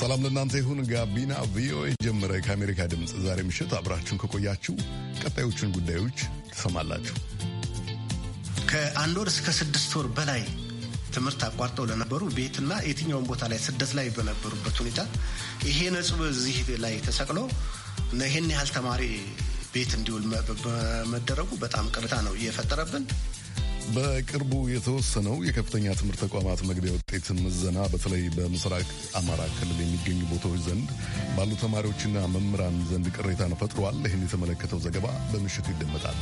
ሰላም ለእናንተ ይሁን። ጋቢና ቪኦኤ ጀመረ። ከአሜሪካ ድምፅ ዛሬ ምሽት አብራችሁን ከቆያችሁ ቀጣዮቹን ጉዳዮች ትሰማላችሁ። ከአንድ ወር እስከ ስድስት ወር በላይ ትምህርት አቋርጠው ለነበሩ ቤትና የትኛውን ቦታ ላይ ስደት ላይ በነበሩበት ሁኔታ ይሄ ነጽብ እዚህ ላይ ተሰቅሎ ይህን ያህል ተማሪ ቤት እንዲውል በመደረጉ በጣም ቅሬታ ነው እየፈጠረብን በቅርቡ የተወሰነው የከፍተኛ ትምህርት ተቋማት መግቢያ ውጤት ምዘና በተለይ በምስራቅ አማራ ክልል የሚገኙ ቦታዎች ዘንድ ባሉ ተማሪዎችና መምህራን ዘንድ ቅሬታን ፈጥሯል። ይህን የተመለከተው ዘገባ በምሽቱ ይደመጣል።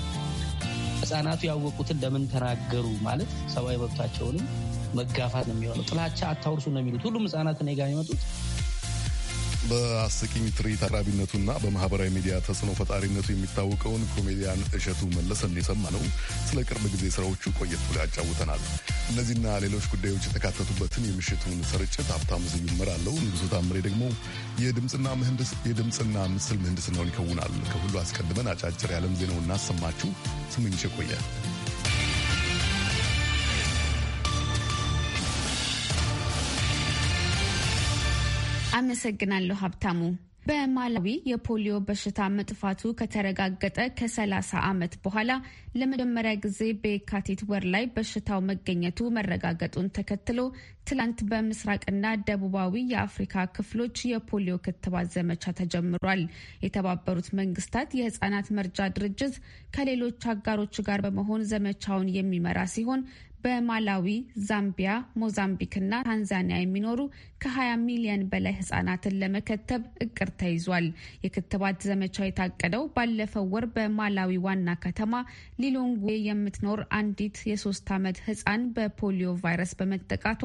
ህጻናቱ ያወቁትን ለምን ተናገሩ ማለት ሰብአዊ መብታቸውንም መጋፋት ነው የሚሆነው። ጥላቻ አታውርሱ ነው የሚሉት ሁሉም ሕጻናት እኔ የሚመጡት በአስቂኝ ትርኢት አቅራቢነቱና በማህበራዊ ሚዲያ ተጽዕኖ ፈጣሪነቱ የሚታወቀውን ኮሜዲያን እሸቱ መለሰን ነው። ስለ ቅርብ ጊዜ ስራዎቹ ቆየት ብሎ ያጫውተናል። እነዚህና ሌሎች ጉዳዮች የተካተቱበትን የምሽቱን ስርጭት ሀብታሙ ዝዩ ንጉሱ ታምሬ ደግሞ የድምፅና ምስል ምህንድስናውን ይከውናል። ከሁሉ አስቀድመን አጫጭር የዓለም ዜናው እናሰማችሁ። ስምንሽ ቆየ አመሰግናለሁ ሀብታሙ። በማላዊ የፖሊዮ በሽታ መጥፋቱ ከተረጋገጠ ከ ከ30 ዓመት በኋላ ለመጀመሪያ ጊዜ በየካቲት ወር ላይ በሽታው መገኘቱ መረጋገጡን ተከትሎ ትላንት በምስራቅና ደቡባዊ የአፍሪካ ክፍሎች የፖሊዮ ክትባት ዘመቻ ተጀምሯል። የተባበሩት መንግስታት የህጻናት መርጃ ድርጅት ከሌሎች አጋሮች ጋር በመሆን ዘመቻውን የሚመራ ሲሆን በማላዊ፣ ዛምቢያ፣ ሞዛምቢክና ታንዛኒያ የሚኖሩ ከ20 ሚሊዮን በላይ ህጻናትን ለመከተብ እቅድ ተይዟል። የክትባት ዘመቻው የታቀደው ባለፈው ወር በማላዊ ዋና ከተማ ሊሎንግዌ የምትኖር አንዲት የሶስት ዓመት ህጻን በፖሊዮ ቫይረስ በመጠቃቷ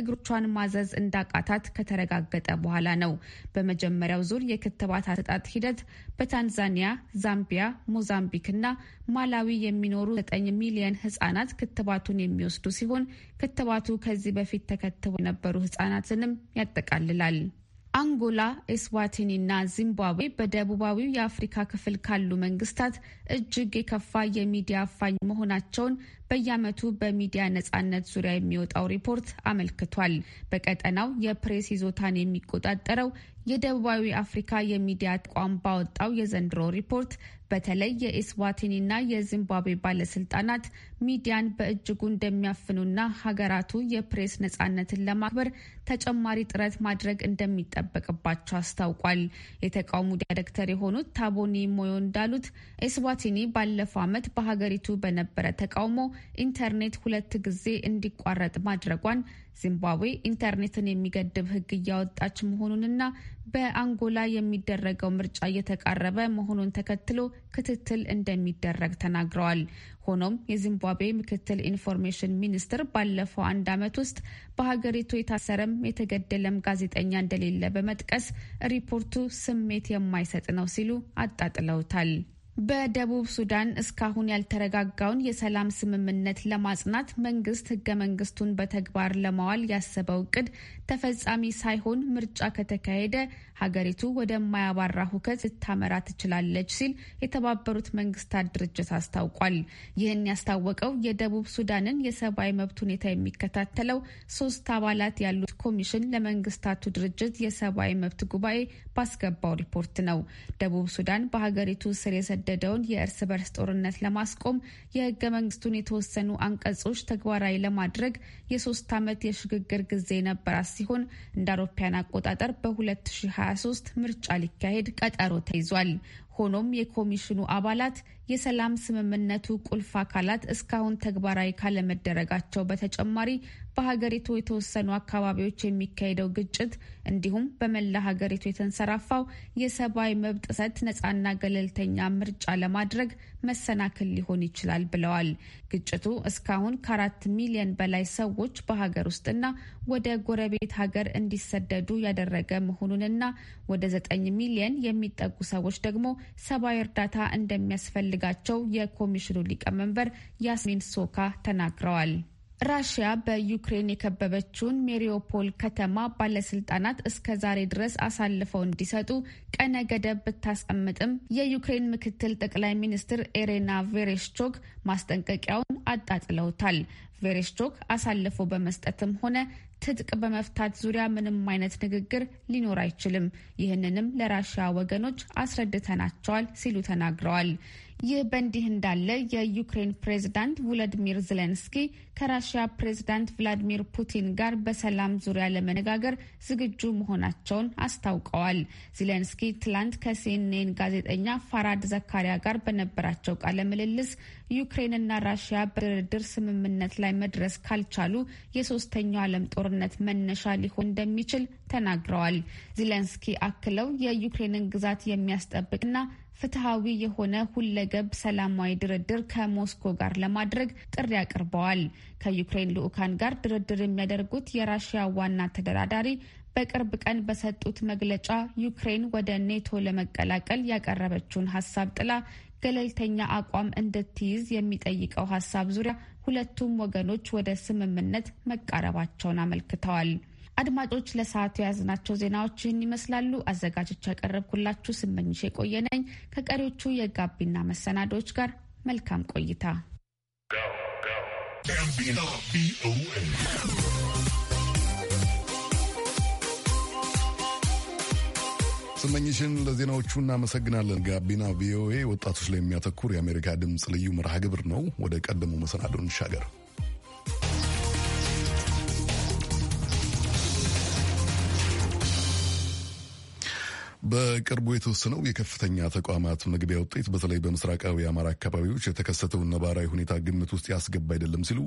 እግሮቿን ማዘዝ እንዳቃታት ከተረጋገጠ በኋላ ነው። በመጀመሪያው ዙር የክትባት አሰጣጥ ሂደት በታንዛኒያ፣ ዛምቢያ፣ ሞዛምቢክና ማላዊ የሚኖሩ 9 ሚሊዮን ህጻናት ክትባቱን የሚ የሚወስዱ ሲሆን ክትባቱ ከዚህ በፊት ተከትበው የነበሩ ህጻናትንም ያጠቃልላል። አንጎላ፣ ኤስዋቲኒ እና ዚምባብዌ በደቡባዊው የአፍሪካ ክፍል ካሉ መንግስታት እጅግ የከፋ የሚዲያ አፋኝ መሆናቸውን በየዓመቱ በሚዲያ ነጻነት ዙሪያ የሚወጣው ሪፖርት አመልክቷል። በቀጠናው የፕሬስ ይዞታን የሚቆጣጠረው የደቡባዊ አፍሪካ የሚዲያ ተቋም ባወጣው የዘንድሮ ሪፖርት በተለይ የኤስዋቲኒና የዚምባብዌ ባለስልጣናት ሚዲያን በእጅጉ እንደሚያፍኑና ሀገራቱ የፕሬስ ነጻነትን ለማክበር ተጨማሪ ጥረት ማድረግ እንደሚጠበቅባቸው አስታውቋል። የተቃውሙ ዳይሬክተር የሆኑት ታቦኒ ሞዮ እንዳሉት ኢስዋቲኒ ባለፈው ዓመት በሀገሪቱ በነበረ ተቃውሞ ኢንተርኔት ሁለት ጊዜ እንዲቋረጥ ማድረጓን ዚምባብዌ ኢንተርኔትን የሚገድብ ሕግ እያወጣች መሆኑንና በአንጎላ የሚደረገው ምርጫ እየተቃረበ መሆኑን ተከትሎ ክትትል እንደሚደረግ ተናግረዋል። ሆኖም የዚምባብዌ ምክትል ኢንፎርሜሽን ሚኒስትር ባለፈው አንድ ዓመት ውስጥ በሀገሪቱ የታሰረም የተገደለም ጋዜጠኛ እንደሌለ በመጥቀስ ሪፖርቱ ስሜት የማይሰጥ ነው ሲሉ አጣጥለውታል። በደቡብ ሱዳን እስካሁን ያልተረጋጋውን የሰላም ስምምነት ለማጽናት መንግስት ህገ መንግስቱን በተግባር ለማዋል ያሰበው እቅድ ተፈጻሚ ሳይሆን ምርጫ ከተካሄደ ሀገሪቱ ወደማያባራ ሁከት ልታመራ ትችላለች ሲል የተባበሩት መንግስታት ድርጅት አስታውቋል። ይህን ያስታወቀው የደቡብ ሱዳንን የሰብአዊ መብት ሁኔታ የሚከታተለው ሶስት አባላት ያሉት ኮሚሽን ለመንግስታቱ ድርጅት የሰብአዊ መብት ጉባኤ ባስገባው ሪፖርት ነው። ደቡብ ሱዳን በሀገሪቱ ስር የሰደደውን የእርስ በርስ ጦርነት ለማስቆም የህገ መንግስቱን የተወሰኑ አንቀጾች ተግባራዊ ለማድረግ የሶስት ዓመት የሽግግር ጊዜ ነበራት ሲሆን እንደ አውሮፓያን አቆጣጠር በ2023 ምርጫ ሊካሄድ ቀጠሮ ተይዟል። ሆኖም የኮሚሽኑ አባላት የሰላም ስምምነቱ ቁልፍ አካላት እስካሁን ተግባራዊ ካለመደረጋቸው በተጨማሪ በሀገሪቱ የተወሰኑ አካባቢዎች የሚካሄደው ግጭት እንዲሁም በመላ ሀገሪቱ የተንሰራፋው የሰብአዊ መብት ጥሰት ነፃና ገለልተኛ ምርጫ ለማድረግ መሰናክል ሊሆን ይችላል ብለዋል። ግጭቱ እስካሁን ከአራት ሚሊዮን በላይ ሰዎች በሀገር ውስጥና ወደ ጎረቤት ሀገር እንዲሰደዱ ያደረገ መሆኑንና ወደ ዘጠኝ ሚሊዮን የሚጠጉ ሰዎች ደግሞ ሰብአዊ እርዳታ እንደሚያስፈልግ እንደሚያስፈልጋቸው የኮሚሽኑ ሊቀመንበር ያስሚን ሶካ ተናግረዋል። ራሽያ በዩክሬን የከበበችውን ሜሪዮፖል ከተማ ባለስልጣናት እስከ ዛሬ ድረስ አሳልፈው እንዲሰጡ ቀነ ገደብ ብታስቀምጥም የዩክሬን ምክትል ጠቅላይ ሚኒስትር ኤሬና ቬሬሽቾክ ማስጠንቀቂያውን አጣጥለውታል። ቬሬሽቾክ አሳልፎ በመስጠትም ሆነ ትጥቅ በመፍታት ዙሪያ ምንም አይነት ንግግር ሊኖር አይችልም፣ ይህንንም ለራሽያ ወገኖች አስረድተናቸዋል ሲሉ ተናግረዋል። ይህ በእንዲህ እንዳለ የዩክሬን ፕሬዝዳንት ቮሎዲሚር ዜሌንስኪ ከራሽያ ፕሬዝዳንት ቭላዲሚር ፑቲን ጋር በሰላም ዙሪያ ለመነጋገር ዝግጁ መሆናቸውን አስታውቀዋል። ዜሌንስኪ ትላንት ከሲኤንኤን ጋዜጠኛ ፋራድ ዘካሪያ ጋር በነበራቸው ቃለ ምልልስ ዩክሬንና ራሽያ በድርድር ስምምነት ላይ መድረስ ካልቻሉ የሶስተኛው ዓለም ጦርነት መነሻ ሊሆን እንደሚችል ተናግረዋል። ዜሌንስኪ አክለው የዩክሬንን ግዛት የሚያስጠብቅና ፍትሐዊ የሆነ ሁለገብ ሰላማዊ ድርድር ከሞስኮ ጋር ለማድረግ ጥሪ አቅርበዋል። ከዩክሬን ልዑካን ጋር ድርድር የሚያደርጉት የራሽያ ዋና ተደራዳሪ በቅርብ ቀን በሰጡት መግለጫ ዩክሬን ወደ ኔቶ ለመቀላቀል ያቀረበችውን ሀሳብ ጥላ ገለልተኛ አቋም እንድትይዝ የሚጠይቀው ሀሳብ ዙሪያ ሁለቱም ወገኖች ወደ ስምምነት መቃረባቸውን አመልክተዋል። አድማጮች ለሰዓቱ የያዝናቸው ዜናዎች ይህን ይመስላሉ። አዘጋጆች ያቀረብኩላችሁ ስመኝሽ የቆየነኝ ከቀሪዎቹ የጋቢና መሰናዶዎች ጋር መልካም ቆይታ። ስመኝሽን ለዜናዎቹ እናመሰግናለን። ጋቢና ቪኦኤ ወጣቶች ላይ የሚያተኩር የአሜሪካ ድምፅ ልዩ መርሃ ግብር ነው። ወደ ቀደሙ መሰናዶ እንሻገር። በቅርቡ የተወሰነው የከፍተኛ ተቋማት መግቢያ ውጤት በተለይ በምስራቃዊ አማራ አካባቢዎች የተከሰተውን ነባራዊ ሁኔታ ግምት ውስጥ ያስገባ አይደለም ሲሉ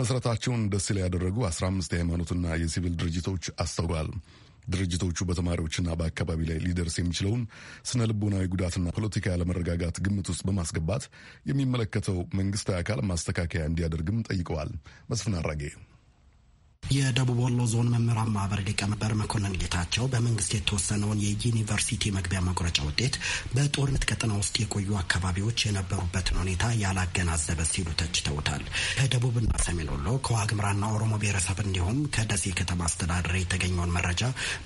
መሰረታቸውን ደሴ ላይ ያደረጉ 15 የሃይማኖትና የሲቪል ድርጅቶች አስታውቀዋል። ድርጅቶቹ በተማሪዎችና በአካባቢ ላይ ሊደርስ የሚችለውን ስነ ልቦናዊ ጉዳትና ፖለቲካ ያለመረጋጋት ግምት ውስጥ በማስገባት የሚመለከተው መንግስታዊ አካል ማስተካከያ እንዲያደርግም ጠይቀዋል። መስፍን አራጌ የደቡብ ወሎ ዞን መምህራን ማህበር ሊቀመንበር መኮንን ጌታቸው በመንግስት የተወሰነውን የዩኒቨርሲቲ መግቢያ መቁረጫ ውጤት በጦርነት ቀጠና ውስጥ የቆዩ አካባቢዎች የነበሩበትን ሁኔታ ያላገናዘበ ሲሉ ተችተውታል። ከደቡብና ሰሜን ወሎ ከዋግምራና ኦሮሞ ብሔረሰብ እንዲሁም ከደሴ ከተማ አስተዳደር የተገኘውን መረጃ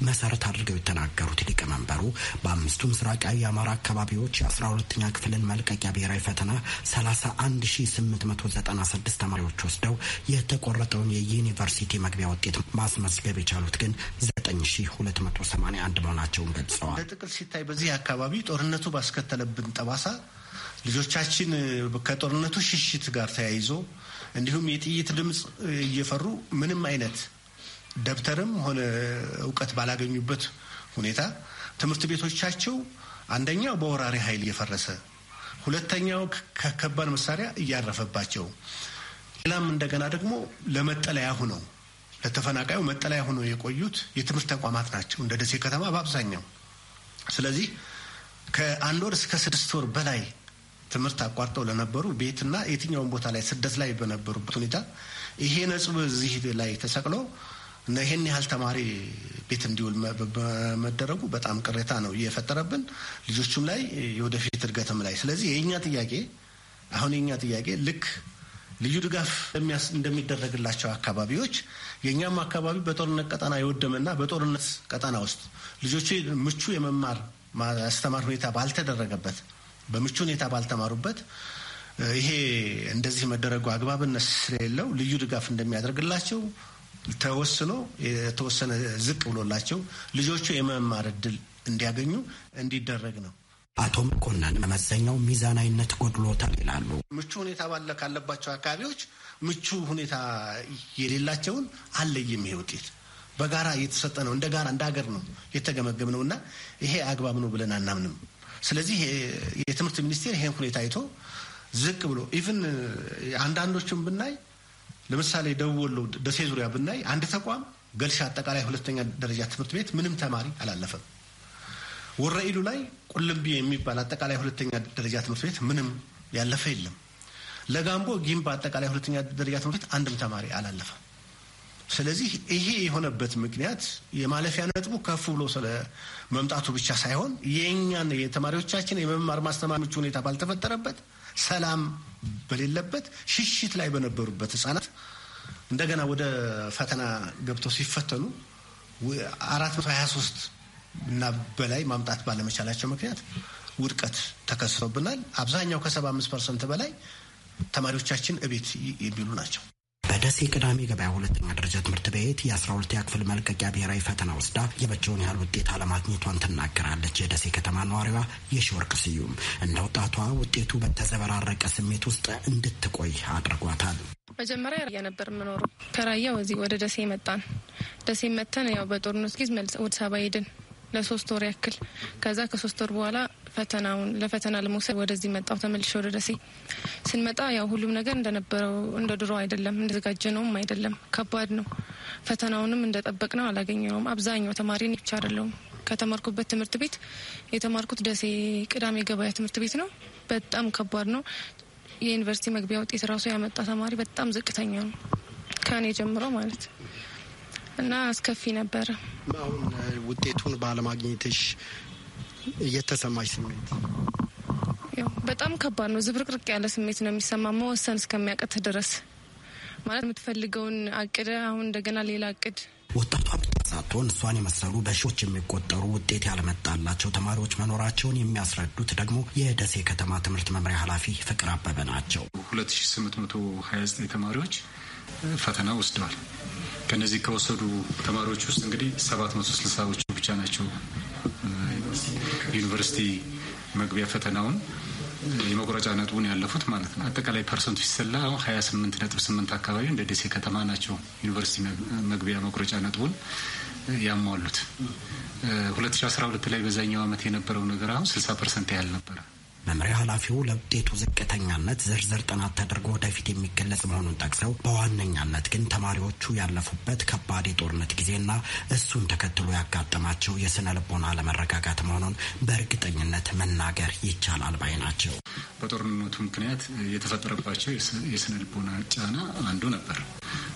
መሰረት አድርገው የተናገሩት ሊቀመንበሩ በአምስቱ ምስራቃዊ የአማራ አካባቢዎች 12 ኛ ክፍልን መልቀቂያ ብሔራዊ ፈተና 31896 ተማሪዎች ወስደው የተቆረጠውን የዩኒቨርሲቲ የመግቢያ ውጤት ማስመዝገብ የቻሉት ግን 9281 መሆናቸውን ገልጸዋል። በጥቅል ሲታይ በዚህ አካባቢ ጦርነቱ ባስከተለብን ጠባሳ ልጆቻችን ከጦርነቱ ሽሽት ጋር ተያይዞ እንዲሁም የጥይት ድምፅ እየፈሩ ምንም አይነት ደብተርም ሆነ እውቀት ባላገኙበት ሁኔታ ትምህርት ቤቶቻቸው አንደኛው በወራሪ ኃይል እየፈረሰ ሁለተኛው ከከባድ መሳሪያ እያረፈባቸው ሌላም እንደገና ደግሞ ለመጠለያ ሁነው ለተፈናቃዩ መጠለያ ሆኖ የቆዩት የትምህርት ተቋማት ናቸው እንደ ደሴ ከተማ በአብዛኛው። ስለዚህ ከአንድ ወር እስከ ስድስት ወር በላይ ትምህርት አቋርጠው ለነበሩ ቤትና የትኛውን ቦታ ላይ ስደት ላይ በነበሩበት ሁኔታ ይሄ ነጽብ እዚህ ላይ ተሰቅሎ ይህን ይሄን ያህል ተማሪ ቤት እንዲውል በመደረጉ በጣም ቅሬታ ነው እየፈጠረብን ልጆቹም ላይ የወደፊት እድገትም ላይ። ስለዚህ የእኛ ጥያቄ አሁን የእኛ ጥያቄ ልክ ልዩ ድጋፍ እንደሚደረግላቸው አካባቢዎች የእኛም አካባቢ በጦርነት ቀጠና የወደመና በጦርነት ቀጠና ውስጥ ልጆች ምቹ የመማር ማስተማር ሁኔታ ባልተደረገበት በምቹ ሁኔታ ባልተማሩበት ይሄ እንደዚህ መደረጉ አግባብነት ስለሌለው ልዩ ድጋፍ እንደሚያደርግላቸው ተወስኖ የተወሰነ ዝቅ ብሎላቸው ልጆቹ የመማር እድል እንዲያገኙ እንዲደረግ ነው። አቶ መኮንን መመዘኛው ሚዛናዊነት ጎድሎታል ይላሉ። ምቹ ሁኔታ ባለ ካለባቸው አካባቢዎች ምቹ ሁኔታ የሌላቸውን አለይም ይሄ ውጤት በጋራ እየተሰጠ ነው። እንደ ጋራ እንደ ሀገር ነው የተገመገብ ነው እና ይሄ አግባብ ነው ብለን አናምንም። ስለዚህ የትምህርት ሚኒስቴር ይሄን ሁኔታ አይቶ ዝቅ ብሎ ኢቭን አንዳንዶቹን ብናይ ለምሳሌ ደቡብ ወሎ ደሴ ዙሪያ ብናይ አንድ ተቋም ገልሻ አጠቃላይ ሁለተኛ ደረጃ ትምህርት ቤት ምንም ተማሪ አላለፈም። ወረኢሉ ላይ ቁልቢ የሚባል አጠቃላይ ሁለተኛ ደረጃ ትምህርት ቤት ምንም ያለፈ የለም። ለጋምቦ ጊምባ አጠቃላይ ሁለተኛ ደረጃ ትምህርት ቤት አንድም ተማሪ አላለፈም። ስለዚህ ይሄ የሆነበት ምክንያት የማለፊያ ነጥቡ ከፍ ብሎ ስለ መምጣቱ ብቻ ሳይሆን የእኛን የተማሪዎቻችን የመማር ማስተማሪዎች ሁኔታ ባልተፈጠረበት፣ ሰላም በሌለበት፣ ሽሽት ላይ በነበሩበት ህጻናት እንደገና ወደ ፈተና ገብተው ሲፈተኑ አራት መቶ ሀያ ሶስት እና በላይ ማምጣት ባለመቻላቸው ምክንያት ውድቀት ተከስቶብናል። አብዛኛው ከ አምስት ፐርሰንት በላይ ተማሪዎቻችን እቤት የሚሉ ናቸው። በደሴ ቅዳሜ ገበያ ሁለተኛ ደረጃ ትምህርት ቤት የአስራ ሁለተኛ ክፍል መልቀቂያ ብሔራዊ ፈተና ወስዳ የበቸውን ያህል ውጤት አለማግኘቷን ትናገራለች። የደሴ ከተማ ነዋሪዋ የሺወርቅ ስዩም እንደ ወጣቷ ውጤቱ በተዘበራረቀ ስሜት ውስጥ እንድትቆይ አድርጓታል። መጀመሪያ ራያ ነበር የምኖረው። ከራያ ወዚህ ወደ ደሴ መጣን። ደሴ መተን ያው በጦርነት ጊዜ ወደ ሰባ ሄድን። ለሶስት ወር ያክል። ከዛ ከሶስት ወር በኋላ ፈተናውን ለፈተና ለመውሰድ ወደዚህ መጣው ተመልሼ ወደ ደሴ ስንመጣ ያው ሁሉም ነገር እንደነበረው እንደ ድሮ አይደለም፣ እንደተዘጋጀ ነውም አይደለም። ከባድ ነው። ፈተናውንም እንደጠበቅ ነው አላገኘ ነውም። አብዛኛው ተማሪን ብቻ አይደለውም ከተማርኩበት ትምህርት ቤት የተማርኩት ደሴ ቅዳሜ ገበያ ትምህርት ቤት ነው። በጣም ከባድ ነው። የዩኒቨርሲቲ መግቢያ ውጤት ራሱ ያመጣ ተማሪ በጣም ዝቅተኛ ነው ከኔ ጀምሮ ማለት እና አስከፊ ነበረ። አሁን ውጤቱን ባለማግኘትሽ እየተሰማሽ ስሜት በጣም ከባድ ነው። ዝብርቅርቅ ያለ ስሜት ነው የሚሰማ መወሰን እስከሚያቀት ድረስ ማለት የምትፈልገውን አቅደ አሁን እንደገና ሌላ አቅድ ወጣቷ ብቻ ሳትሆን እሷን የመሰሉ በሺዎች የሚቆጠሩ ውጤት ያለመጣላቸው ተማሪዎች መኖራቸውን የሚያስረዱት ደግሞ የደሴ ከተማ ትምህርት መምሪያ ኃላፊ ፍቅር አበበ ናቸው። 2829 ተማሪዎች ፈተና ወስደዋል። ከነዚህ ከወሰዱ ተማሪዎች ውስጥ እንግዲህ ሰባት መቶ ስልሳዎቹ ብቻ ናቸው ዩኒቨርሲቲ መግቢያ ፈተናውን የመቁረጫ ነጥቡን ያለፉት ማለት ነው። አጠቃላይ ፐርሰንቱ ሲሰላ አሁን ሀያ ስምንት ነጥብ ስምንት አካባቢ እንደ ደሴ ከተማ ናቸው ዩኒቨርሲቲ መግቢያ መቁረጫ ነጥቡን ያሟሉት። ሁለት ሺ አስራ ሁለት ላይ በዛኛው ዓመት የነበረው ነገር አሁን ስልሳ ፐርሰንት ያህል ነበረ። መምሪያ ኃላፊው ለውጤቱ ዝቅተኛነት ዝርዝር ጥናት ተደርጎ ወደፊት የሚገለጽ መሆኑን ጠቅሰው በዋነኛነት ግን ተማሪዎቹ ያለፉበት ከባድ የጦርነት ጊዜና እሱን ተከትሎ ያጋጠማቸው የስነ ልቦና አለመረጋጋት መሆኑን በእርግጠኝነት መናገር ይቻላል ባይ ናቸው። በጦርነቱ ምክንያት የተፈጠረባቸው የስነ ልቦና ጫና አንዱ ነበር።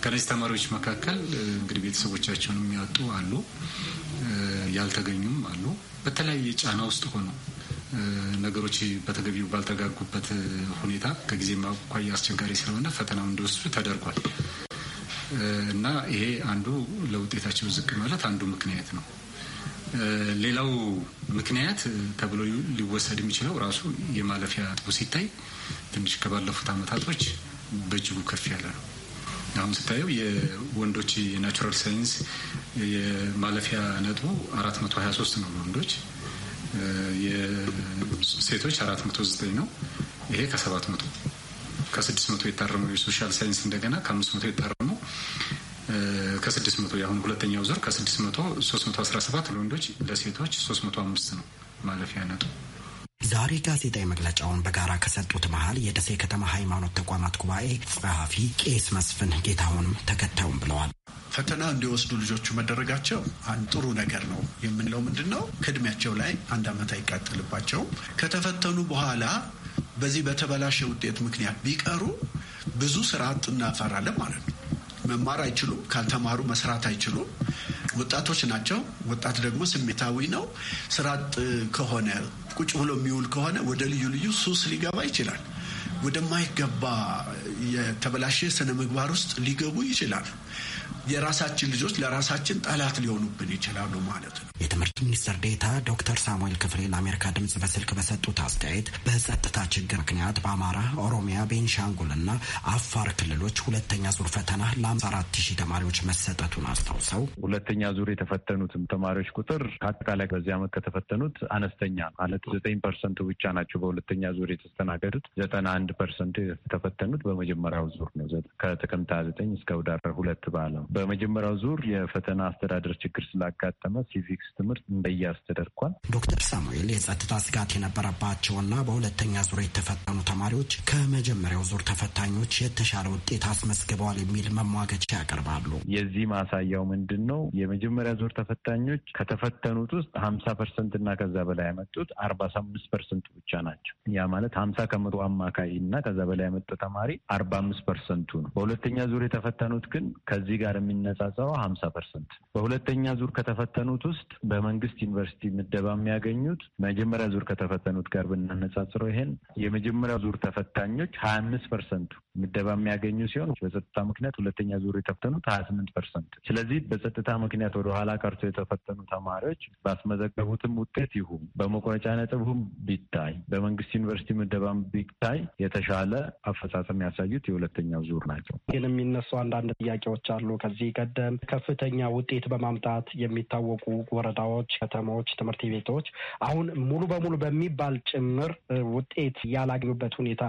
ከነዚህ ተማሪዎች መካከል እንግዲህ ቤተሰቦቻቸውን የሚያጡ አሉ፣ ያልተገኙም አሉ። በተለያየ ጫና ውስጥ ሆነው ነገሮች በተገቢው ባልተጋጉበት ሁኔታ ከጊዜም አኳያ አስቸጋሪ ስለሆነ ፈተና እንዲወስዱ ተደርጓል እና ይሄ አንዱ ለውጤታቸው ዝቅ ማለት አንዱ ምክንያት ነው። ሌላው ምክንያት ተብሎ ሊወሰድ የሚችለው ራሱ የማለፊያ ነጥቡ ሲታይ ትንሽ ከባለፉት አመታቶች በእጅጉ ከፍ ያለ ነው። አሁን ስታየው የወንዶች የናቹራል ሳይንስ የማለፊያ ነጥቡ አራት መቶ ነው ለወንዶች ሴቶች 409 ነው። ይሄ ከ700 ከ600 የታረሙ የሶሻል ሳይንስ እንደገና ከ500 የታረሙ ከ600 የአሁን ሁለተኛው ዙር ከ600 317 ለወንዶች ለሴቶች 305 ነው ማለፊያ ነጥብ። ዛሬ ጋዜጣዊ መግለጫውን በጋራ ከሰጡት መሀል የደሴ ከተማ ሃይማኖት ተቋማት ጉባኤ ጸሐፊ ቄስ መስፍን ጌታሁንም ተከታዩም ብለዋል። ፈተና እንዲወስዱ ልጆቹ መደረጋቸው ጥሩ ነገር ነው የምንለው ምንድን ነው? ከእድሜያቸው ላይ አንድ አመት አይቃጠልባቸውም። ከተፈተኑ በኋላ በዚህ በተበላሸ ውጤት ምክንያት ቢቀሩ ብዙ ስርዓት እናፈራለን ማለት ነው። መማር አይችሉም። ካልተማሩ መስራት አይችሉም። ወጣቶች ናቸው። ወጣት ደግሞ ስሜታዊ ነው። ስርዓት ከሆነ ቁጭ ብሎ የሚውል ከሆነ ወደ ልዩ ልዩ ሱስ ሊገባ ይችላል። ወደማይገባ የተበላሸ ስነ ምግባር ውስጥ ሊገቡ ይችላል። የራሳችን ልጆች ለራሳችን ጠላት ሊሆኑብን ይችላሉ ማለት ነው። የትምህርት ሚኒስትር ዴታ ዶክተር ሳሙኤል ክፍሌ ለአሜሪካ ድምጽ በስልክ በሰጡት አስተያየት በጸጥታ ችግር ምክንያት በአማራ፣ ኦሮሚያ፣ እና አፋር ክልሎች ሁለተኛ ዙር ፈተና ለ 4 ሺህ ተማሪዎች መሰጠቱን አስታውሰው ሁለተኛ ዙር የተፈተኑትም ተማሪዎች ቁጥር ከአጠቃላይ በዚህ ዓመት ከተፈተኑት አነስተኛ ማለት ዘጠኝ ፐርሰንቱ ብቻ ናቸው በሁለተኛ ዙር የተስተናገዱት ዘጠና አንድ አንድ ፐርሰንት የተፈተኑት በመጀመሪያው ዙር ነው። ከጥቅምት ሃያ ዘጠኝ እስከ ህዳር ሁለት ባለው በመጀመሪያው ዙር የፈተና አስተዳደር ችግር ስላጋጠመ ሲቪክስ ትምህርት እንደያስተደርኳል ዶክተር ሳሙኤል የጸጥታ ስጋት የነበረባቸውና በሁለተኛ ዙር የተፈተኑ ተማሪዎች ከመጀመሪያው ዙር ተፈታኞች የተሻለ ውጤት አስመዝግበዋል የሚል መሟገቻ ያቀርባሉ። የዚህ ማሳያው ምንድን ነው? የመጀመሪያ ዙር ተፈታኞች ከተፈተኑት ውስጥ ሀምሳ ፐርሰንት እና ከዛ በላይ ያመጡት አርባ አምስት ፐርሰንት ብቻ ናቸው። ያ ማለት ሀምሳ ከመቶ አማካይ እና ከዛ በላይ ያመጣ ተማሪ አርባ አምስት ፐርሰንቱ ነው። በሁለተኛ ዙር የተፈተኑት ግን ከዚህ ጋር የሚነጻጸው ሀምሳ ፐርሰንት። በሁለተኛ ዙር ከተፈተኑት ውስጥ በመንግስት ዩኒቨርሲቲ ምደባ የሚያገኙት መጀመሪያ ዙር ከተፈተኑት ጋር ብናነጻጽረው ይሄን የመጀመሪያ ዙር ተፈታኞች ሀያ አምስት ፐርሰንቱ ምደባ የሚያገኙ ሲሆን በጸጥታ ምክንያት ሁለተኛ ዙር የተፈተኑት ሀያ ስምንት ፐርሰንት። ስለዚህ በጸጥታ ምክንያት ወደኋላ ቀርቶ የተፈተኑ ተማሪዎች ባስመዘገቡትም ውጤት ይሁን በመቁረጫ ነጥብም ቢታይ በመንግስት ዩኒቨርሲቲ ምደባም ቢታይ የተሻለ አፈጻጸም ያሳዩት የሁለተኛው ዙር ናቸው። ግን የሚነሱ አንዳንድ ጥያቄዎች አሉ። ከዚህ ቀደም ከፍተኛ ውጤት በማምጣት የሚታወቁ ወረዳዎች፣ ከተሞች፣ ትምህርት ቤቶች አሁን ሙሉ በሙሉ በሚባል ጭምር ውጤት ያላገኙበት ሁኔታ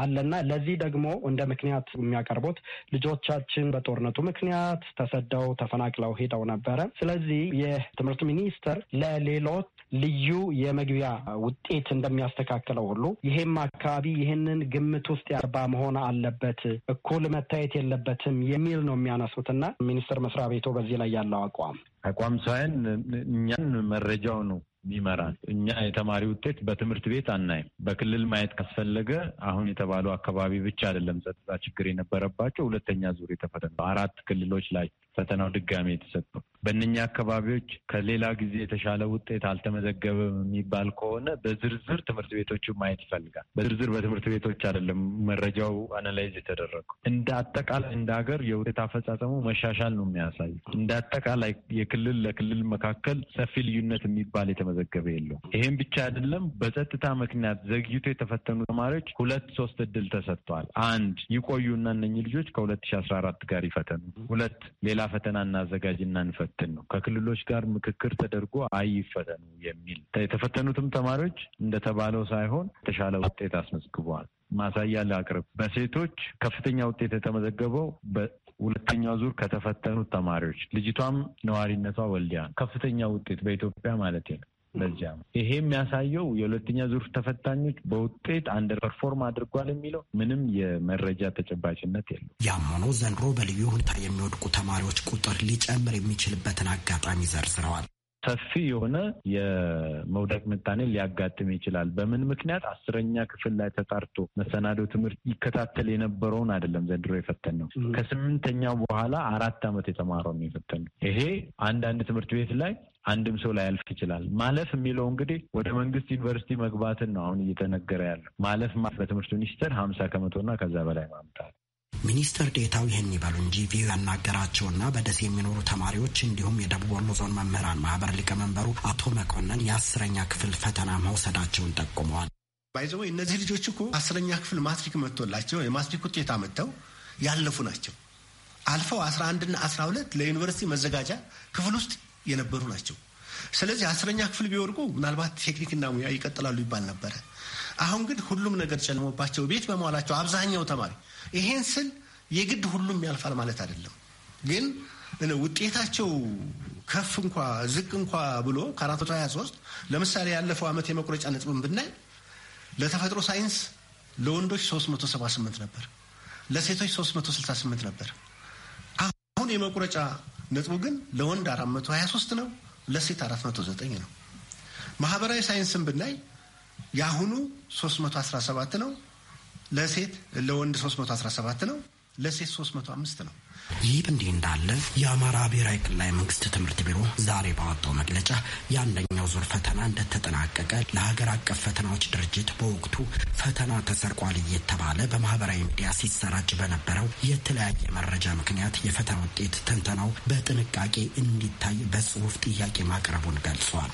አለና ለዚህ ደግሞ እንደ ምክንያት የሚያቀርቡት ልጆቻችን በጦርነቱ ምክንያት ተሰደው ተፈናቅለው ሄደው ነበረ። ስለዚህ የትምህርት ሚኒስቴር ለሌሎች ልዩ የመግቢያ ውጤት እንደሚያስተካክለው ሁሉ ይሄም አካባቢ ይህን ያንን ግምት ውስጥ ያርባ መሆን አለበት፣ እኩል መታየት የለበትም የሚል ነው የሚያነሱት እና ሚኒስቴር መስሪያ ቤቱ በዚህ ላይ ያለው አቋም አቋም ሳይን እኛን መረጃው ነው ይመራል። እኛ የተማሪ ውጤት በትምህርት ቤት አናይም። በክልል ማየት ካስፈለገ አሁን የተባለው አካባቢ ብቻ አይደለም ጸጥታ ችግር የነበረባቸው ሁለተኛ ዙር የተፈተነ አራት ክልሎች ላይ ፈተናው ድጋሚ የተሰጠው። በእነኛ አካባቢዎች ከሌላ ጊዜ የተሻለ ውጤት አልተመዘገበም የሚባል ከሆነ በዝርዝር ትምህርት ቤቶቹ ማየት ይፈልጋል። በዝርዝር በትምህርት ቤቶች አይደለም መረጃው አናላይዝ የተደረገው። እንደ አጠቃላይ እንደ ሀገር የውጤት አፈጻጸሙ መሻሻል ነው የሚያሳይ። እንደ አጠቃላይ የክልል ለክልል መካከል ሰፊ ልዩነት የሚባል የተመዘገበ የለው። ይሄም ብቻ አይደለም። በጸጥታ ምክንያት ዘግይቶ የተፈተኑ ተማሪዎች ሁለት ሶስት እድል ተሰጥቷል። አንድ ይቆዩና እነኚህ ልጆች ከሁለት ሺ አስራ አራት ጋር ይፈተኑ፣ ሁለት ሌላ ፈተና እናዘጋጅና እንፈትን ነው። ከክልሎች ጋር ምክክር ተደርጎ አይፈተኑ የሚል የተፈተኑትም ተማሪዎች እንደተባለው ሳይሆን የተሻለ ውጤት አስመዝግበዋል። ማሳያ ላቅርብ። በሴቶች ከፍተኛ ውጤት የተመዘገበው በሁለተኛው ዙር ከተፈተኑት ተማሪዎች ልጅቷም ነዋሪነቷ ወልዲያ ከፍተኛ ውጤት በኢትዮጵያ ማለት ነው በዚያ ይሄ የሚያሳየው የሁለተኛ ዙር ተፈታኞች በውጤት አንድ ፐርፎርም አድርጓል የሚለው ምንም የመረጃ ተጨባጭነት የለም። ያም ሆኖ ዘንድሮ በልዩ ሁኔታ የሚወድቁ ተማሪዎች ቁጥር ሊጨምር የሚችልበትን አጋጣሚ ዘርዝረዋል። ሰፊ የሆነ የመውደቅ ምጣኔ ሊያጋጥም ይችላል። በምን ምክንያት አስረኛ ክፍል ላይ ተጣርቶ መሰናዶ ትምህርት ይከታተል የነበረውን አይደለም ዘንድሮ የፈተን ነው። ከስምንተኛው በኋላ አራት ዓመት ነው የፈተን ነው። ይሄ አንዳንድ ትምህርት ቤት ላይ አንድም ሰው ላያልፍ ይችላል። ማለፍ የሚለው እንግዲህ ወደ መንግስት ዩኒቨርሲቲ መግባትን ነው አሁን እየተነገረ ያለው። ማለፍ ማለት በትምህርት ሚኒስቴር ሀምሳ ከመቶና ከዛ በላይ ማምጣት ሚኒስትር ዴታው ይህን ይበሉ እንጂ ቪኦኤ ያናገራቸውና በደሴ የሚኖሩ ተማሪዎች እንዲሁም የደቡብ ወሎ ዞን መምህራን ማህበር ሊቀመንበሩ አቶ መኮንን የአስረኛ ክፍል ፈተና መውሰዳቸውን ጠቁመዋል። ባይዘ እነዚህ ልጆች እኮ አስረኛ ክፍል ማትሪክ መጥቶላቸው የማትሪክ ውጤት አመጥተው ያለፉ ናቸው። አልፈው 11 አንድና አስራ ሁለት ለዩኒቨርሲቲ መዘጋጃ ክፍል ውስጥ የነበሩ ናቸው። ስለዚህ አስረኛ ክፍል ቢወርቁ ምናልባት ቴክኒክና ሙያ ይቀጥላሉ ይባል ነበረ። አሁን ግን ሁሉም ነገር ጨልሞባቸው ቤት በመዋላቸው አብዛኛው ተማሪ ይሄን ስል የግድ ሁሉም ያልፋል ማለት አይደለም። ግን ውጤታቸው ከፍ እንኳ ዝቅ እንኳ ብሎ ሀያ ሶስት ለምሳሌ ያለፈው ዓመት የመቁረጫ ነጥብን ብናይ ለተፈጥሮ ሳይንስ ለወንዶች 378 ነበር፣ ለሴቶች 368 ነበር። አሁን የመቁረጫ ነጥቡ ግን ለወንድ 423 ነው፣ ለሴት 409 ነው። ማህበራዊ ሳይንስን ብናይ የአሁኑ 317 ነው። ለሴት ለወንድ 317 ነው። ለሴት 305 ነው። ይህ እንዲህ እንዳለ የአማራ ብሔራዊ ክልላዊ መንግስት ትምህርት ቢሮ ዛሬ ባወጣው መግለጫ የአንደኛው ዙር ፈተና እንደተጠናቀቀ ለሀገር አቀፍ ፈተናዎች ድርጅት በወቅቱ ፈተና ተሰርቋል እየተባለ በማህበራዊ ሚዲያ ሲሰራጭ በነበረው የተለያየ መረጃ ምክንያት የፈተና ውጤት ትንተናው በጥንቃቄ እንዲታይ በጽሁፍ ጥያቄ ማቅረቡን ገልጿል።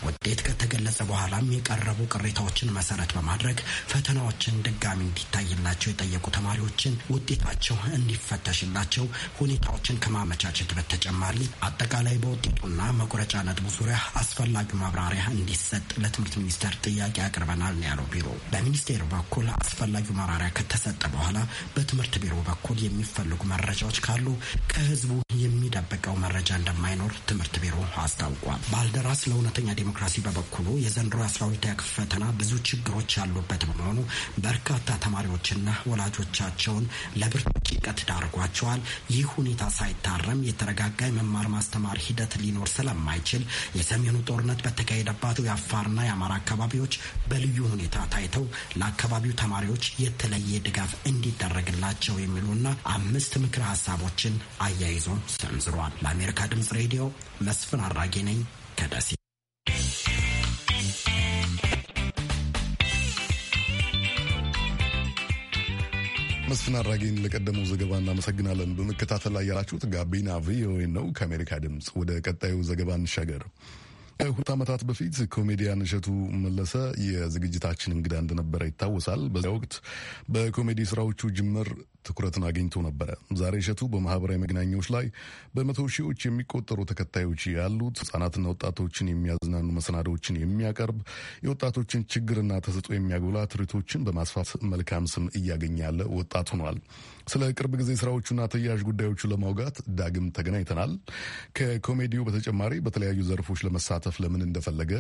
ውጤት ከተገለጸ በኋላም የቀረቡ ቅሬታዎችን መሰረት በማድረግ ፈተናዎችን ድጋሚ እንዲታይላቸው የጠየቁ ተማሪዎችን ውጤታቸው እንዲፈተሽላቸው ሁኔታዎችን ከማመቻቸት በተጨማሪ አጠቃላይ በውጤቱና መቁረጫ ነጥቡ ዙሪያ አስፈላጊ ማብራሪያ እንዲሰጥ ለትምህርት ሚኒስቴር ጥያቄ አቅርበናል ያለው ቢሮ በሚኒስቴር በኩል አስፈላጊው ማብራሪያ ከተሰጠ በኋላ በትምህርት ቢሮ በኩል የሚፈልጉ መረጃዎች ካሉ ከህዝቡ የሚደበቀው መረጃ እንደማይኖር ትምህርት ቢሮ አስታውቋል። ባልደራስ ለእውነተኛ ዴሞክራሲ በበኩሉ የዘንድሮ አስራ ሁለተኛ ክፍል ፈተና ብዙ ችግሮች ያሉበት በመሆኑ በርካታ ተማሪዎችና ወላጆቻቸውን ለብርቱ ጭንቀት ዳርጓቸዋል። ይህ ሁኔታ ሳይታረም የተረጋጋ የመማር ማስተማር ሂደት ሊኖር ስለማይችል የሰሜኑ ጦርነት በተካሄደባቸው የአፋርና የአማራ አካባቢዎች በልዩ ሁኔታ ታይተው ለአካባቢው ተማሪዎች የተለየ ድጋፍ እንዲደረግላቸው የሚሉና አምስት ምክረ ሀሳቦችን አያይዞ ሰንዝሯል። ለአሜሪካ ድምጽ ሬዲዮ መስፍን አራጌ ነኝ ከደሴ። መስፍን አድራጌን ለቀደመው ዘገባ እናመሰግናለን። በመከታተል ላይ ያላችሁት ጋቢና ቪኦኤ ነው ከአሜሪካ ድምፅ። ወደ ቀጣዩ ዘገባ እንሻገር። ከሁለት ዓመታት በፊት ኮሜዲያን እሸቱ መለሰ የዝግጅታችን እንግዳ እንደነበረ ይታወሳል። በዚያ ወቅት በኮሜዲ ስራዎቹ ጅምር ትኩረትን አግኝቶ ነበረ። ዛሬ እሸቱ በማህበራዊ መገናኛዎች ላይ በመቶ ሺዎች የሚቆጠሩ ተከታዮች ያሉት ህጻናትና ወጣቶችን የሚያዝናኑ መሰናዶዎችን የሚያቀርብ የወጣቶችን ችግርና ተሰጦ የሚያጎላ ትርኢቶችን በማስፋት መልካም ስም እያገኘ ያለ ወጣት ሆኗል። ስለ ቅርብ ጊዜ ስራዎቹና ተያዥ ጉዳዮቹ ለማውጋት ዳግም ተገናኝተናል። ከኮሜዲው በተጨማሪ በተለያዩ ዘርፎች ለመሳተፍ ለምን እንደፈለገ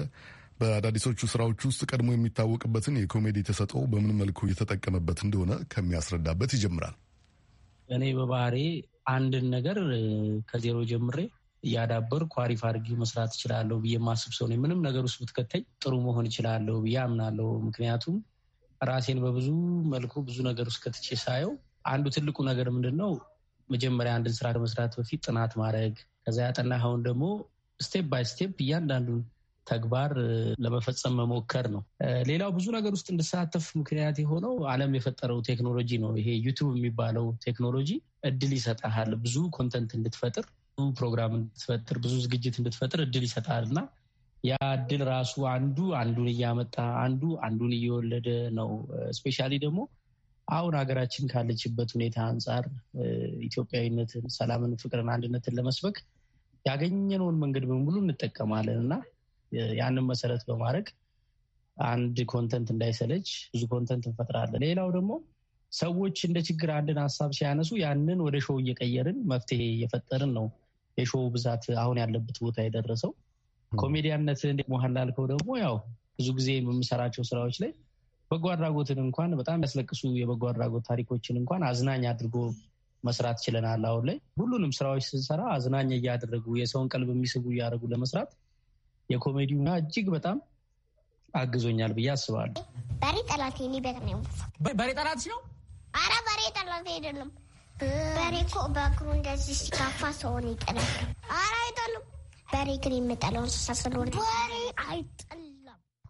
በአዳዲሶቹ ስራዎች ውስጥ ቀድሞ የሚታወቅበትን የኮሜዲ ተሰጥኦ በምን መልኩ እየተጠቀመበት እንደሆነ ከሚያስረዳበት ይጀምራል። እኔ በባህሬ አንድን ነገር ከዜሮ ጀምሬ እያዳበር ኳሪፍ አድርጌ መስራት እችላለሁ ብዬ ማስብ ሰው ነኝ። ምንም ነገር ውስጥ ብትከተኝ ጥሩ መሆን እችላለሁ ብዬ አምናለሁ። ምክንያቱም ራሴን በብዙ መልኩ ብዙ ነገር ውስጥ ከትቼ ሳየው አንዱ ትልቁ ነገር ምንድን ነው? መጀመሪያ አንድን ስራ ለመስራት በፊት ጥናት ማድረግ፣ ከዛ ያጠናኸውን ደግሞ ስቴፕ ባይ ስቴፕ እያንዳንዱን ተግባር ለመፈጸም መሞከር ነው። ሌላው ብዙ ነገር ውስጥ እንድሳተፍ ምክንያት የሆነው ዓለም የፈጠረው ቴክኖሎጂ ነው። ይሄ ዩቱብ የሚባለው ቴክኖሎጂ እድል ይሰጣል ብዙ ኮንተንት እንድትፈጥር፣ ብዙ ፕሮግራም እንድትፈጥር፣ ብዙ ዝግጅት እንድትፈጥር እድል ይሰጣል እና ያ እድል ራሱ አንዱ አንዱን እያመጣ አንዱ አንዱን እየወለደ ነው። ስፔሻሊ ደግሞ አሁን ሀገራችን ካለችበት ሁኔታ አንጻር ኢትዮጵያዊነትን፣ ሰላምን፣ ፍቅርን፣ አንድነትን ለመስበክ ያገኘነውን መንገድ በሙሉ እንጠቀማለን እና ያንን መሰረት በማድረግ አንድ ኮንተንት እንዳይሰለች ብዙ ኮንተንት እንፈጥራለን። ሌላው ደግሞ ሰዎች እንደ ችግር አንድን ሀሳብ ሲያነሱ ያንን ወደ ሾው እየቀየርን መፍትሄ እየፈጠርን ነው የሾው ብዛት አሁን ያለበት ቦታ የደረሰው። ኮሜዲያነት እንደ ሞህን ላልከው ደግሞ ያው ብዙ ጊዜ በምሰራቸው ስራዎች ላይ በጎ አድራጎትን እንኳን በጣም ያስለቅሱ የበጎ አድራጎት ታሪኮችን እንኳን አዝናኝ አድርጎ መስራት ችለናል። አሁን ላይ ሁሉንም ስራዎች ስንሰራ አዝናኝ እያደረጉ የሰውን ቀልብ የሚስቡ እያደረጉ ለመስራት የኮሜዲው እና እጅግ በጣም አግዞኛል ብዬ አስባለሁ። በሬ ጠላት ነው። በሬ ጠላት ነው። አረ በሬ ጠላት አይደለም። በሬ ኮ በእግሩ እንደዚህ ሲካፋ ሰውን ይጠላል። አረ አይጠሉም። በሬ ግን የምጠለው እንስሳ ስለሆነ በሬ አይጠል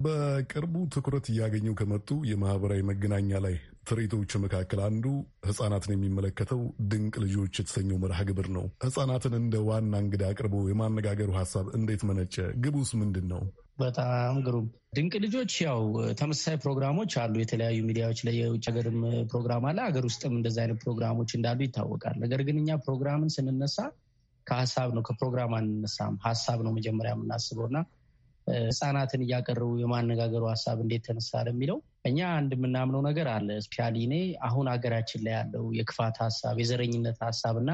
በቅርቡ ትኩረት እያገኙ ከመጡ የማህበራዊ መገናኛ ላይ ትርኢቶቹ መካከል አንዱ ህጻናትን የሚመለከተው ድንቅ ልጆች የተሰኘው መርሃ ግብር ነው። ህጻናትን እንደ ዋና እንግዳ አቅርቦ የማነጋገሩ ሀሳብ እንዴት መነጨ? ግቡስ ምንድን ነው? በጣም ግሩም ድንቅ ልጆች ያው ተመሳሳይ ፕሮግራሞች አሉ። የተለያዩ ሚዲያዎች ላይ የውጭ ሀገርም ፕሮግራም አለ፣ ሀገር ውስጥም እንደዚ አይነት ፕሮግራሞች እንዳሉ ይታወቃል። ነገር ግን እኛ ፕሮግራምን ስንነሳ ከሀሳብ ነው፣ ከፕሮግራም አንነሳም። ሀሳብ ነው መጀመሪያ የምናስበው እና ህጻናትን እያቀረቡ የማነጋገሩ ሀሳብ እንዴት ተነሳ ለሚለው እኛ አንድ የምናምነው ነገር አለ። ስፔሻሊ እኔ አሁን ሀገራችን ላይ ያለው የክፋት ሀሳብ፣ የዘረኝነት ሀሳብ እና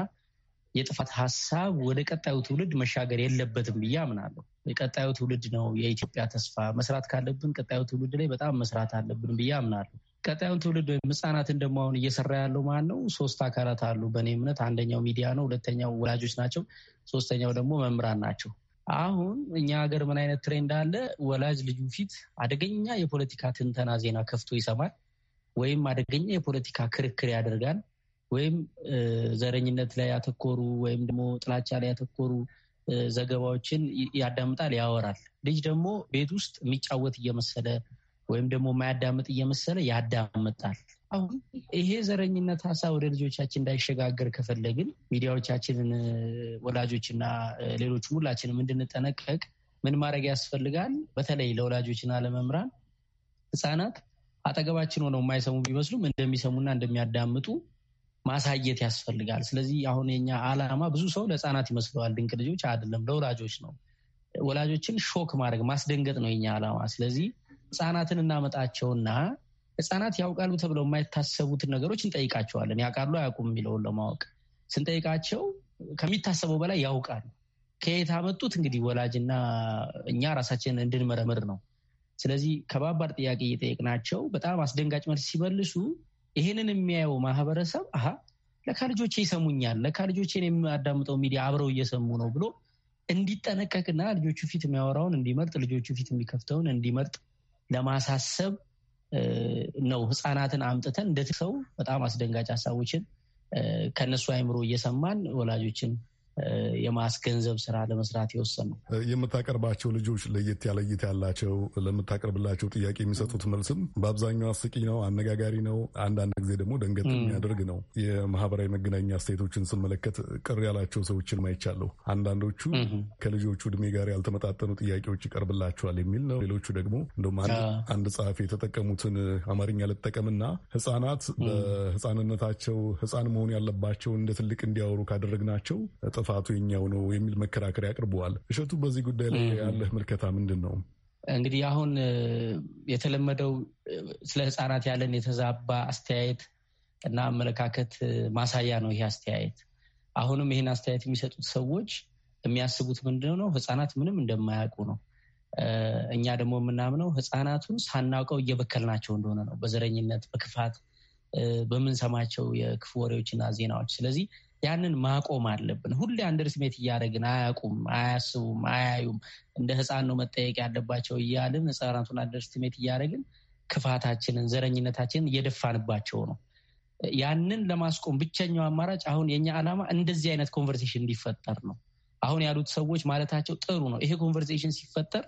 የጥፋት ሀሳብ ወደ ቀጣዩ ትውልድ መሻገር የለበትም ብዬ አምናለሁ። የቀጣዩ ትውልድ ነው የኢትዮጵያ ተስፋ። መስራት ካለብን ቀጣዩ ትውልድ ላይ በጣም መስራት አለብን ብዬ አምናለሁ። ቀጣዩን ትውልድ ወይም ህጻናትን ደግሞ አሁን እየሰራ ያለው ማለት ነው ሶስት አካላት አሉ በእኔ እምነት። አንደኛው ሚዲያ ነው፣ ሁለተኛው ወላጆች ናቸው፣ ሶስተኛው ደግሞ መምህራን ናቸው። አሁን እኛ ሀገር ምን አይነት ትሬንድ አለ? ወላጅ ልጁ ፊት አደገኛ የፖለቲካ ትንተና ዜና ከፍቶ ይሰማል፣ ወይም አደገኛ የፖለቲካ ክርክር ያደርጋል፣ ወይም ዘረኝነት ላይ ያተኮሩ ወይም ደግሞ ጥላቻ ላይ ያተኮሩ ዘገባዎችን ያዳምጣል፣ ያወራል። ልጅ ደግሞ ቤት ውስጥ የሚጫወት እየመሰለ ወይም ደግሞ ማያዳምጥ እየመሰለ ያዳምጣል። አሁን ይሄ ዘረኝነት ሀሳብ ወደ ልጆቻችን እንዳይሸጋገር ከፈለግን ሚዲያዎቻችንን፣ ወላጆችና ሌሎች ሁላችንም እንድንጠነቀቅ ምን ማድረግ ያስፈልጋል? በተለይ ለወላጆችና ለመምህራን ህፃናት አጠገባችን ሆነው የማይሰሙ ቢመስሉም እንደሚሰሙና እንደሚያዳምጡ ማሳየት ያስፈልጋል። ስለዚህ አሁን የኛ አላማ ብዙ ሰው ለህፃናት ይመስለዋል፣ ድንቅ ልጆች አይደለም፣ ለወላጆች ነው። ወላጆችን ሾክ ማድረግ ማስደንገጥ ነው የኛ ዓላማ። ስለዚህ ህፃናትን እናመጣቸውና ህጻናት ያውቃሉ ተብለው የማይታሰቡትን ነገሮች እንጠይቃቸዋለን። ያውቃሉ አያውቁም የሚለውን ለማወቅ ስንጠይቃቸው ከሚታሰበው በላይ ያውቃሉ። ከየት አመጡት? እንግዲህ ወላጅና እኛ ራሳችንን እንድንመረምር ነው። ስለዚህ ከባባድ ጥያቄ እየጠየቅናቸው በጣም አስደንጋጭ መልስ ሲመልሱ ይህንን የሚያየው ማህበረሰብ አሀ ለካ ልጆቼ ይሰሙኛል፣ ለካ ልጆቼን የሚያዳምጠው ሚዲያ አብረው እየሰሙ ነው ብሎ እንዲጠነቀቅና ልጆቹ ፊት የሚያወራውን እንዲመርጥ፣ ልጆቹ ፊት የሚከፍተውን እንዲመርጥ ለማሳሰብ ነው ህፃናትን አምጥተን እንደ ሰው በጣም አስደንጋጭ ሀሳቦችን ከነሱ አይምሮ እየሰማን ወላጆችን የማስገንዘብ ስራ ለመስራት የወሰኑ የምታቀርባቸው ልጆች ለየት ያለ እይታ ያላቸው ለምታቀርብላቸው ጥያቄ የሚሰጡት መልስም በአብዛኛው አስቂ ነው፣ አነጋጋሪ ነው፣ አንዳንድ ጊዜ ደግሞ ደንገጥ የሚያደርግ ነው። የማህበራዊ መገናኛ አስተያየቶችን ስመለከት ቅር ያላቸው ሰዎችን ማይቻለሁ። አንዳንዶቹ ከልጆቹ እድሜ ጋር ያልተመጣጠኑ ጥያቄዎች ይቀርብላቸዋል የሚል ነው። ሌሎቹ ደግሞ እንደውም አንድ ጸሐፊ የተጠቀሙትን አማርኛ ልጠቀምና ህጻናት በህጻንነታቸው ህጻን መሆን ያለባቸው እንደ ትልቅ እንዲያወሩ ካደረግናቸው ጥፋቱ የኛው ነው የሚል መከራከሪያ አቅርበዋል። እሸቱ፣ በዚህ ጉዳይ ላይ ያለህ ምልከታ ምንድን ነው? እንግዲህ አሁን የተለመደው ስለ ህፃናት ያለን የተዛባ አስተያየት እና አመለካከት ማሳያ ነው ይሄ አስተያየት። አሁንም ይህን አስተያየት የሚሰጡት ሰዎች የሚያስቡት ምንድን ነው? ህፃናት ምንም እንደማያውቁ ነው። እኛ ደግሞ የምናምነው ህፃናቱን ሳናውቀው እየበከልናቸው እንደሆነ ነው፣ በዘረኝነት፣ በክፋት በምንሰማቸው የክፉ ወሬዎችና ዜናዎች። ስለዚህ ያንን ማቆም አለብን። ሁሌ ስሜት እያደረግን አያውቁም፣ አያስቡም፣ አያዩም እንደ ህፃን ነው መጠየቅ ያለባቸው እያልን ህፃናቱን ስሜት እያደረግን ክፋታችንን፣ ዘረኝነታችንን እየደፋንባቸው ነው። ያንን ለማስቆም ብቸኛው አማራጭ አሁን የኛ ዓላማ እንደዚህ አይነት ኮንቨርሴሽን እንዲፈጠር ነው። አሁን ያሉት ሰዎች ማለታቸው ጥሩ ነው። ይሄ ኮንቨርሴሽን ሲፈጠር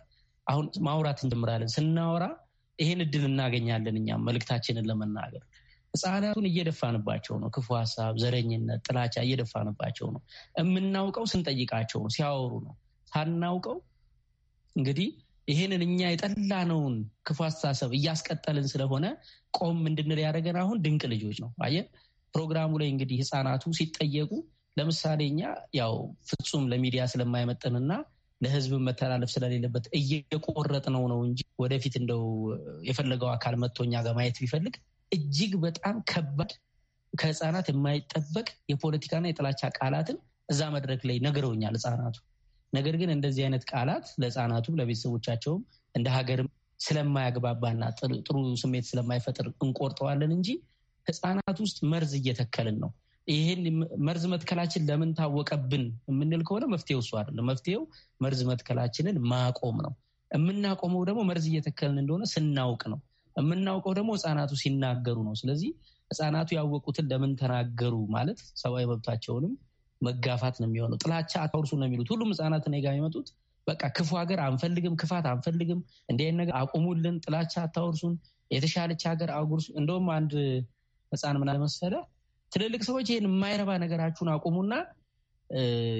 አሁን ማውራት እንጀምራለን። ስናወራ ይሄን እድል እናገኛለን እኛም መልእክታችንን ለመናገር ህጻናቱን እየደፋንባቸው ነው። ክፉ ሀሳብ፣ ዘረኝነት፣ ጥላቻ እየደፋንባቸው ነው። የምናውቀው ስንጠይቃቸው ነው፣ ሲያወሩ ነው። ሳናውቀው እንግዲህ ይህንን እኛ የጠላነውን ክፉ አስተሳሰብ እያስቀጠልን ስለሆነ ቆም እንድንል ያደረገን አሁን ድንቅ ልጆች ነው። አየ ፕሮግራሙ ላይ እንግዲህ ህፃናቱ ሲጠየቁ ለምሳሌ እኛ ያው ፍጹም ለሚዲያ ስለማይመጥንና ለህዝብ መተላለፍ ስለሌለበት እየቆረጥ ነው ነው እንጂ ወደፊት እንደው የፈለገው አካል መጥቶ እኛ ጋር ማየት ቢፈልግ እጅግ በጣም ከባድ ከህፃናት የማይጠበቅ የፖለቲካና የጥላቻ ቃላትን እዛ መድረክ ላይ ነግረውኛል ህፃናቱ። ነገር ግን እንደዚህ አይነት ቃላት ለህፃናቱም ለቤተሰቦቻቸውም እንደ ሀገርም ስለማያግባባና ጥሩ ስሜት ስለማይፈጥር እንቆርጠዋለን እንጂ ህፃናት ውስጥ መርዝ እየተከልን ነው። ይህን መርዝ መትከላችን ለምን ታወቀብን የምንል ከሆነ መፍትሄው እሱ አይደለም። መፍትሄው መርዝ መትከላችንን ማቆም ነው። የምናቆመው ደግሞ መርዝ እየተከልን እንደሆነ ስናውቅ ነው። የምናውቀው ደግሞ ህጻናቱ ሲናገሩ ነው። ስለዚህ ህጻናቱ ያወቁትን ለምን ተናገሩ ማለት ሰብአዊ መብታቸውንም መጋፋት ነው የሚሆነው። ጥላቻ አታውርሱ ነው የሚሉት ሁሉም ህጻናት እኔ ጋ የሚመጡት በቃ ክፉ ሀገር አንፈልግም፣ ክፋት አንፈልግም፣ እንዲህ ዓይነት ነገር አቁሙልን፣ ጥላቻ አታውርሱን፣ የተሻለች ሀገር አጉርሱ። እንደውም አንድ ህፃን ምን መሰለ ትልልቅ ሰዎች ይህን የማይረባ ነገራችሁን አቁሙና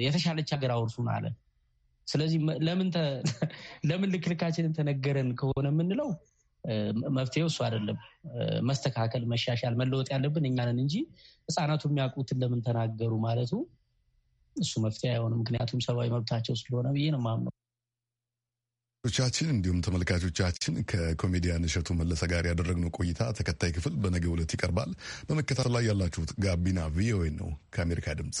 የተሻለች ሀገር አውርሱን አለ። ስለዚህ ለምን ልክልካችንን ተነገረን ከሆነ የምንለው መፍትሄው እሱ አይደለም። መስተካከል፣ መሻሻል፣ መለወጥ ያለብን እኛንን እንጂ ህፃናቱ የሚያውቁትን ለምን ተናገሩ ማለቱ እሱ መፍትሄ አይሆንም። ምክንያቱም ሰብአዊ መብታቸው ስለሆነ ብዬ ነው ማምነው። ቻችን እንዲሁም ተመልካቾቻችን ከኮሜዲያን እሸቱ መለሰ ጋር ያደረግነው ቆይታ ተከታይ ክፍል በነገ ዕለት ይቀርባል። በመከታተል ላይ ያላችሁት ጋቢና ቪኦኤ ነው ከአሜሪካ ድምፅ።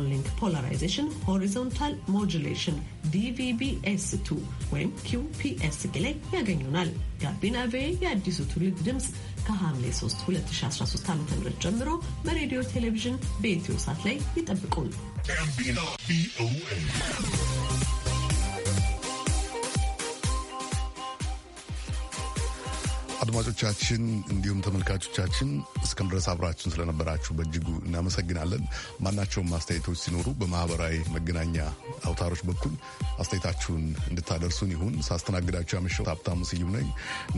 ዶwnሊንክ ፖላራይዜሽን ሆሪዞንታል ሞጁሌሽን ዲቪቢኤስ2 ወይም ኪውፒኤስኪ ላይ ያገኙናል። ጋቢና ቬ የአዲሱ ትውልድ ድምፅ ከሐምሌ 3 2013 ዓ ም ጀምሮ በሬዲዮ ቴሌቪዥን፣ በኢትዮ ሳት ላይ ይጠብቁን። አድማጮቻችን እንዲሁም ተመልካቾቻችን እስከ ድረስ አብራችን ስለነበራችሁ በእጅጉ እናመሰግናለን። ማናቸውም አስተያየቶች ሲኖሩ በማህበራዊ መገናኛ አውታሮች በኩል አስተያየታችሁን እንድታደርሱን ይሁን። ሳስተናግዳችሁ ያመሸው ሀብታሙ ስዩም ነኝ።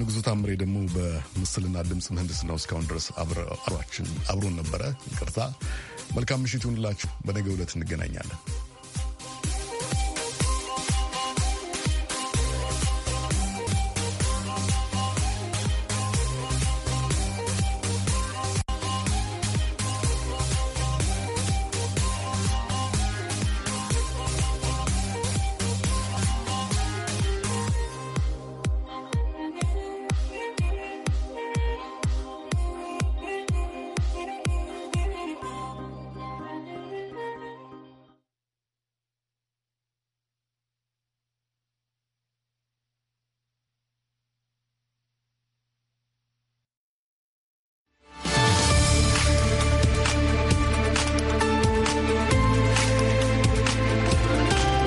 ንጉሱ ታምሬ ደግሞ በምስልና ድምፅ ነው። እስካሁን ድረስ አብሯችን አብሮን ነበረ። ይቅርታ። መልካም ምሽት ይሁንላችሁ። በነገ ዕለት እንገናኛለን።